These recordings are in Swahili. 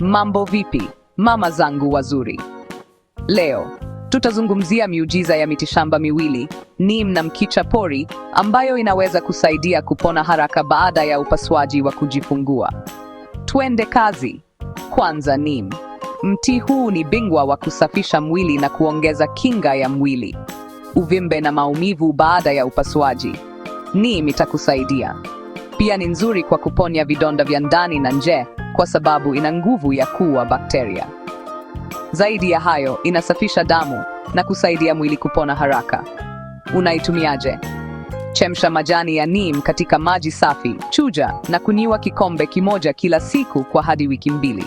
Mambo vipi mama zangu wazuri? Leo tutazungumzia miujiza ya mitishamba miwili, neem na mchicha pori, ambayo inaweza kusaidia kupona haraka baada ya upasuaji wa kujifungua. Twende kazi. Kwanza, neem. Mti huu ni bingwa wa kusafisha mwili na kuongeza kinga ya mwili. Uvimbe na maumivu baada ya upasuaji, neem itakusaidia. Pia ni nzuri kwa kuponya vidonda vya ndani na nje, kwa sababu ina nguvu ya kuua bakteria. Zaidi ya hayo, inasafisha damu na kusaidia mwili kupona haraka. Unaitumiaje? Chemsha majani ya neem katika maji safi, chuja na kunywa kikombe kimoja kila siku kwa hadi wiki mbili.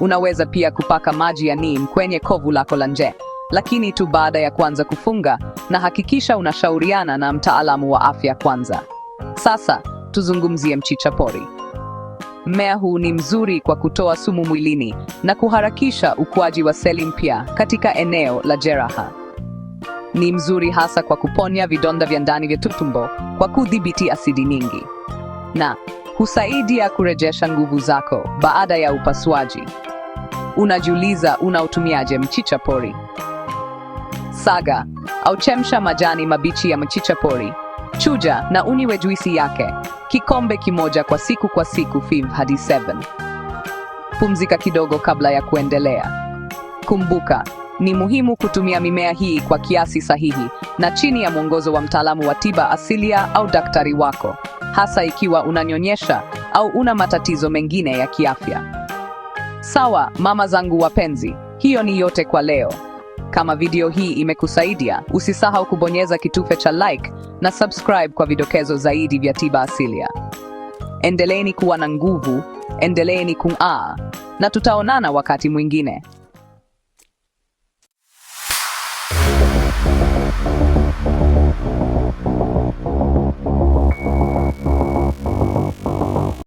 Unaweza pia kupaka maji ya neem kwenye kovu lako la nje, lakini tu baada ya kuanza kufunga, na hakikisha unashauriana na mtaalamu wa afya kwanza. Sasa tuzungumzie mchicha pori. Mmea huu ni mzuri kwa kutoa sumu mwilini na kuharakisha ukuaji wa seli mpya katika eneo la jeraha. Ni mzuri hasa kwa kuponya vidonda vya ndani vya tumbo kwa kudhibiti asidi nyingi, na husaidia kurejesha nguvu zako baada ya upasuaji. Unajiuliza, unaotumiaje mchicha pori? Saga au chemsha majani mabichi ya mchicha pori, chuja na uniwe juisi yake kikombe kimoja kwa siku kwa siku 5 hadi 7. Pumzika kidogo kabla ya kuendelea. Kumbuka, ni muhimu kutumia mimea hii kwa kiasi sahihi na chini ya mwongozo wa mtaalamu wa tiba asilia au daktari wako, hasa ikiwa unanyonyesha au una matatizo mengine ya kiafya. Sawa, mama zangu wapenzi, hiyo ni yote kwa leo. Kama video hii imekusaidia, usisahau kubonyeza kitufe cha like na subscribe kwa vidokezo zaidi vya tiba asilia. Endeleeni kuwa na nguvu, endeleeni kung'aa, na tutaonana wakati mwingine.